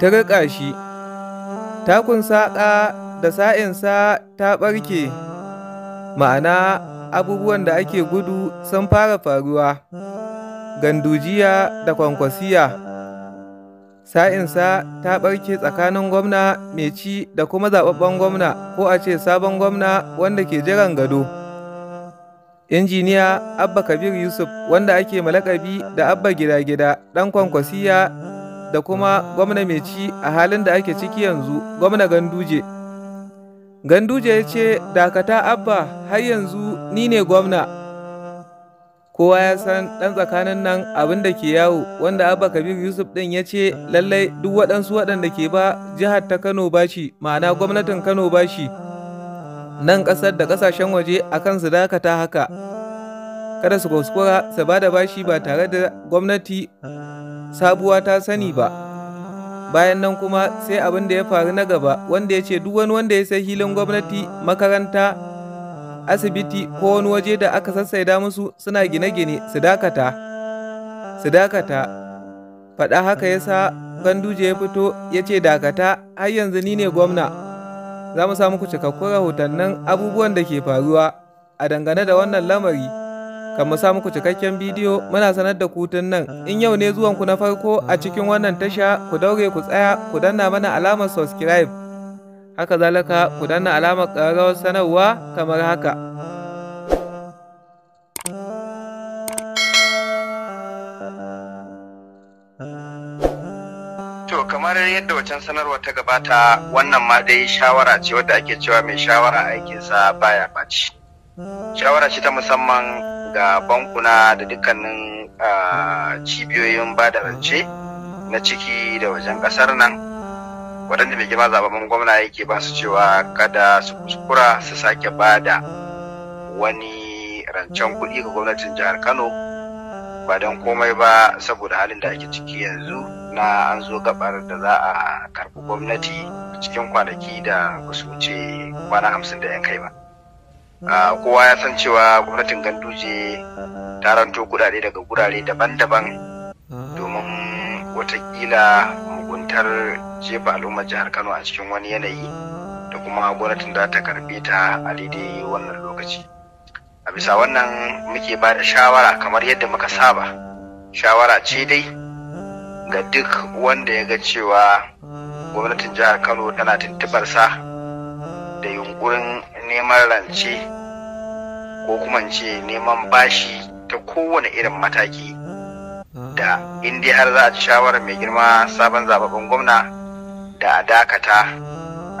ta riƙa shi, takun saƙa da sa'insa ta ɓarke, ma'ana abubuwan da ake gudu sun fara faruwa, gandujiya da kwankwasiya. Sa'insa ta ɓarke tsakanin gwamna mai ci da kuma zaɓaɓɓen gwamna ko a ce sabon gwamna wanda ke jiran gado. Injiniya Abba Kabir Yusuf wanda ake malakabi da Abba Gida-gida ɗan kwankwasiya da kuma gwamna mai ci a halin da ake ciki yanzu gwamna ganduje ganduje ya ce dakata abba har yanzu ni ne gwamna kowa ya san ɗan tsakanin nan abin da ke yawo wanda abba Kabiru yusuf ɗin ya ce lallai duk waɗansu waɗanda ke ba jihar ta kano bashi ma'ana gwamnatin kano bashi nan ƙasar da ƙasashen waje a kan su dakata haka kada su kuskura su ba da bashi ba tare da gwamnati sabuwa ta sani ba bayan nan kuma sai abin da ya faru na gaba wanda ya ce duk wani wanda ya sai hilin gwamnati makaranta asibiti ko wani waje da aka sassaida musu suna gine-gine su dakata su dakata faɗa haka ya sa ganduje ya fito ya ce dakata har yanzu ni ne gwamna za mu samu ku cikakkun rahotannin abubuwan da ke faruwa a dangane da wannan lamari kamar sa muku cikakken bidiyo muna sanar da ku tun nan in yau ne zuwanku na farko a cikin wannan tasha ku daure ku tsaya ku danna mana alamar subscribe haka zalaka ku danna alamar ƙararrawar sanarwa kamar haka To kamar yadda wacan sanarwa ta gabata wannan ma dai shawara ce wadda ake cewa mai shawara aikinsa baya ɓaci. Shawara ce ta musamman ga bankuna da dukkanin cibiyoyin ba da rance na ciki da wajen kasar nan waɗanda mai girma zababben gwamna yake ba su cewa kada su kuskura su sake ba da wani rancen kuɗi ga gwamnatin jihar kano ba don komai ba saboda halin da ake ciki yanzu na an zo gabar da za a karɓi gwamnati cikin kwanaki da ba wuce kwana hamsin da 'yan kai ba. Ah, kowa ya san cewa gwamnatin ganduje ta ranto kudade daga gurare daban-daban domin watakila muguntar jefa al'ummar jihar kano a cikin wani yanayi da kuma gwamnatin za ta karbe ta a daidai wannan lokaci a bisa wannan muke ba da shawara kamar yadda muka saba shawara ce dai ga duk wanda ya ga cewa gwamnatin jihar kano tana tuntubarsa da yunkurin neman rance ko kuma ce neman bashi ta kowane irin mataki da in har za a ci shawarar mai girma sabon zababin gwamna da a dakata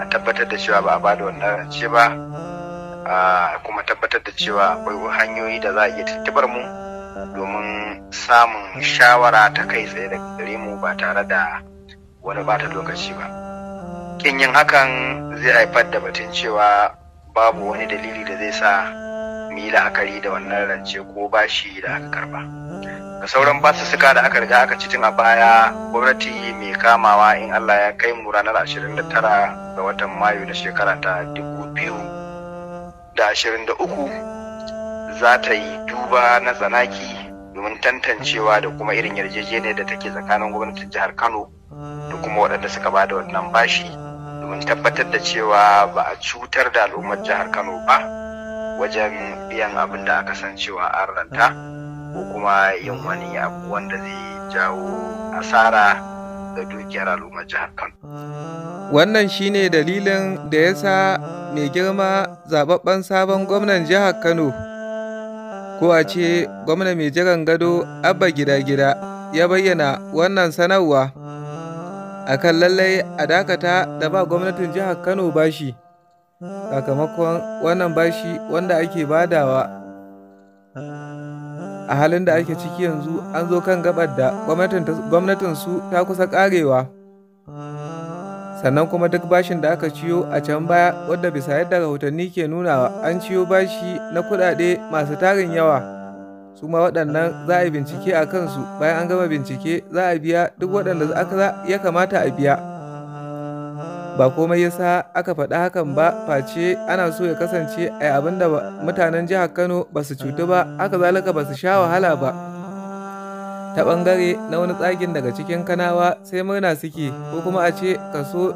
a tabbatar da cewa ba a ba da wannan rance ba kuma tabbatar da cewa akwai hanyoyi da za a iya tattabar mu domin samun shawara ta kai tsaye da gare mu ba tare da wani bata lokaci ba kin yin hakan zai haifar da batun cewa babu wani dalili da zai sa mu yi la'akari da wannan rance ko bashi da aka karba ga sauran basu suka da aka riga aka ci tun a baya gwamnati mai kamawa in allah ya kai mu ranar 29 ga watan mayu na shekara ta 2023 za ta yi duba na tsanaki domin tantancewa da kuma irin yarjejeniyar da take tsakanin gwamnatin jihar kano da kuma waɗanda suka ba da wannan bashi mun tabbatar da cewa ba a cutar da al'ummar jihar Kano ba wajen biyan abin da aka san cewa an ranta ko kuma yin wani abu wanda zai jawo asara ga dukiyar al'ummar jihar Kano. Wannan shine dalilin da ya sa mai girma zababben sabon gwamnan jihar Kano ko a ce gwamna mai jiran gado abba gida gida ya bayyana wannan sanarwa. akan lallai a dakata da ba gwamnatin jihar Kano bashi sakamakon wannan bashi wanda ake badawa a halin da ake ciki yanzu an zo kan gabar da gwamnatin su ta kusa karewa sannan kuma duk bashin da aka ciyo a can baya wadda bisa yadda rahotanni ke nunawa an ciyo bashi na kudade masu tarin yawa su ma waɗannan za a yi bincike a kansu bayan an gama bincike za a biya duk waɗanda aka ya kamata a biya ba komai yasa aka faɗi hakan ba face ana so ya kasance a yi abin mutanen jihar kano ba su cutu ba aka zalika ba su sha wahala ba ta ɓangare na wani tsagin daga cikin kanawa sai murna suke ko kuma a ce kaso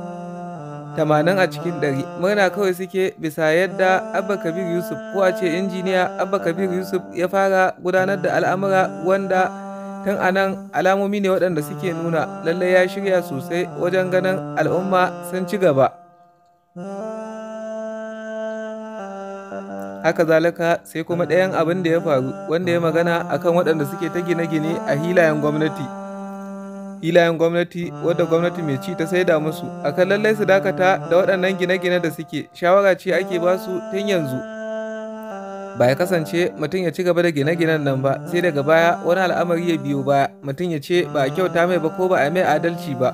tamanin a cikin ɗari murna kawai suke bisa yadda abba kabir yusuf ko a ce injiniya abba kabir yusuf ya fara gudanar da al'amura wanda tun a nan alamomi ne waɗanda suke nuna lallai ya shirya sosai wajen ganin al'umma sun ci gaba haka zalika sai kuma ɗayan abin da ya faru wanda ya magana akan waɗanda suke ta gine-gine a hilayen gwamnati. filayen gwamnati wadda gwamnati mai ci ta saida musu a kan lallai su dakata da waɗannan gine-gine da suke shawara ce ake ba su tun yanzu ba ya kasance mutum ya ci gaba da gine-ginen nan ba sai daga baya wani al'amari ya biyo baya mutum ya ce ba a kyauta mai ba ko ba a mai adalci ba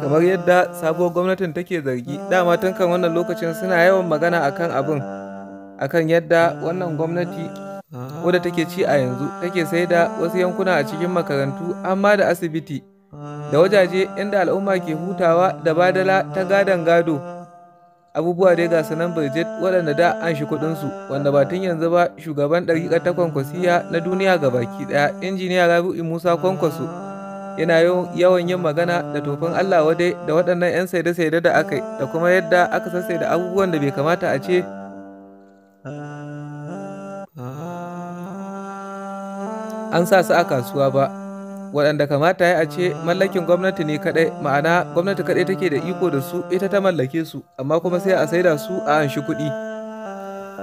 kamar yadda sabuwar gwamnatin take zargi dama tun kan wannan lokacin suna yawan magana akan abin akan yadda wannan gwamnati wadda take ci a yanzu take sai da wasu yankuna a cikin makarantu amma da asibiti da wajaje inda al'umma ke hutawa da badala ta gadon gado abubuwa dai ga sanan birjit waɗanda da an shi kuɗinsu wanda ba tun yanzu ba shugaban ɗariƙar ta kwankwasiya na duniya ga baki ɗaya injiniya rabi'u musa kwankwaso yana yawan yin magana da tofin allah wadai da waɗannan 'yan saide-saide da aka da kuma yadda aka sassaida abubuwan da bai kamata a ce an sa su a kasuwa ba waɗanda kamata ya a ce mallakin gwamnati ne kaɗai ma'ana gwamnati kaɗai take da iko da su ita ta mallake su amma kuma sai a saida su a anshi kuɗi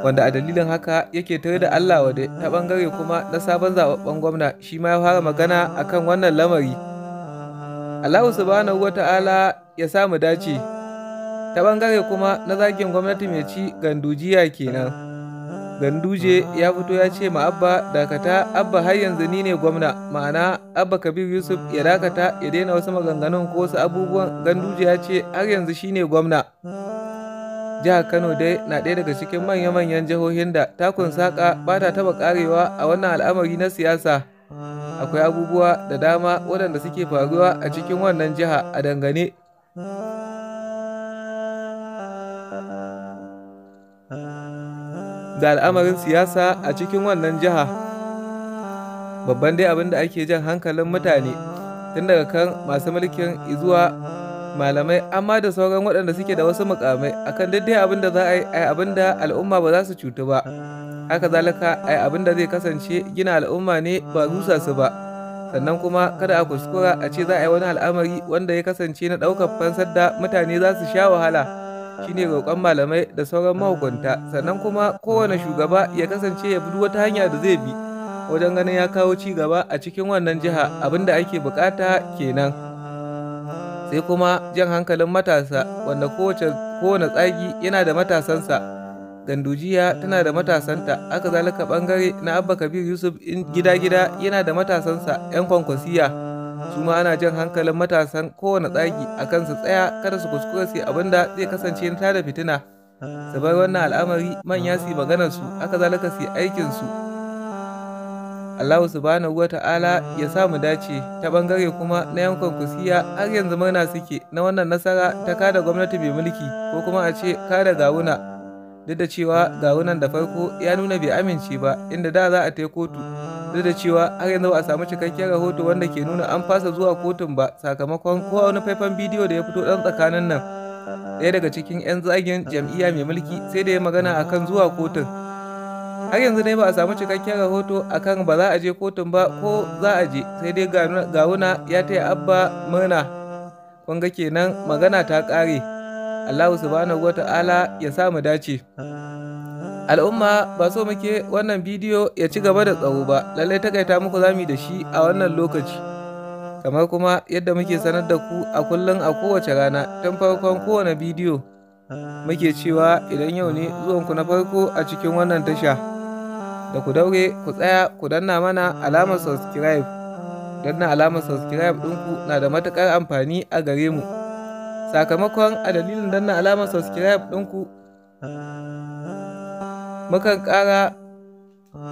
wanda a dalilin haka yake tare da Allah wade ta ɓangare kuma na sabon zaɓaɓɓen gwamna shi ma ya fara magana akan wannan lamari Allahu subhanahu wata'ala ya sa mu dace ta ɓangare kuma na zagin gwamnati mai ci gandujiya kenan. Ganduje ya fito ya ce ma Abba dakata Abba har yanzu ni ne gwamna ma'ana Abba Kabir Yusuf ya dakata ya daina wasu maganganun ko wasu abubuwan Ganduje ya ce har yanzu shi ne gwamna. Jihar Kano dai na ɗaya daga cikin manya-manyan jihohin da takun saƙa ba ta taɓa ƙarewa a wannan al'amari na siyasa. Akwai abubuwa da dama waɗanda suke faruwa a cikin wannan jiha a dangane. da al'amarin siyasa a cikin wannan jiha babban dai abin da ake jan hankalin mutane tun daga kan masu mulkin izuwa malamai amma da sauran waɗanda suke da wasu mukamai akan daidai abin da za a yi abin da al'umma ba za su cutu ba haka zalika a yi abin da zai kasance gina al'umma ne ba rusa su ba sannan kuma kada a kuskura a ce za a yi wani al'amari wanda ya kasance na ɗaukar fansar da mutane za su sha wahala shine roƙon malamai da sauran mahukunta sannan kuma kowane shugaba ya kasance ya bi wata hanya da zai bi wajen ganin ya kawo ci gaba a cikin wannan jiha abinda da ake bukata kenan sai kuma jan hankalin matasa wanda kowane tsagi yana da matasansa gandujiya tana da matasanta aka zalika bangare na abba kabir yusuf gida-gida yana da matasansa 'yan kwankwasiya su ma ana jan hankalin matasan kowane tsaki a kan su tsaya kada su kuskure su abin da zai kasance na tada fitina su bar wannan al'amari manya su maganar su aka zalaka su aikin su Allahu subhanahu wa ta'ala ya sa mu dace ta bangare kuma na yankon kusiya har yanzu murna suke na wannan nasara ta kada gwamnati mai mulki ko kuma a ce kada gawuna duk da cewa gawunan da farko ya nuna bai amince ba inda da za a tai kotu duk da cewa har yanzu a samu cikakken rahoto wanda ke nuna an fasa zuwa kotun ba sakamakon kowa wani faifan bidiyo da ya fito dan tsakanin nan ɗaya daga cikin 'yan zagin jam'iyya mai mulki sai da ya magana akan zuwa kotun har yanzu dai ba a samu cikakken rahoto akan ba za a je kotun ba ko za a je sai dai gawuna ya taya abba murna kun ga kenan magana ta ƙare Allah subhanahu wa ta'ala ya sa mu dace. Al'umma ba so muke wannan bidiyo ya ci gaba da tsawo ba, lallai takaita muku zami da shi a wannan lokaci. Kamar kuma yadda muke sanar da ku a kullum a kowace rana tun farkon kowane bidiyo muke cewa idan yau ne ku na farko a cikin wannan tasha. Da ku daure ku tsaya ku danna mana alamar subscribe. Danna alamar subscribe ɗinku na da matuƙar amfani a gare mu. sakamakon a dalilin danna alamar subscribe ɗinku mukan ƙara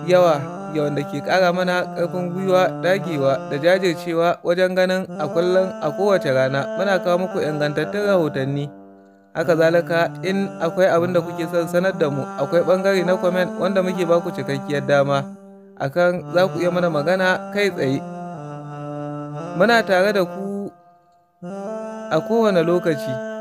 yawa yawan da ke ƙara mana ƙarfin gwiwa dagewa da jajircewa wajen ganin a kullum a kowace rana muna kawo muku ingantattun rahotanni haka zalika in akwai abin da kuke son sanar da mu akwai ɓangare na comment wanda muke baku cikakkiyar dama akan za ku iya mana magana kai tsaye muna tare da ku a kowane lokaci.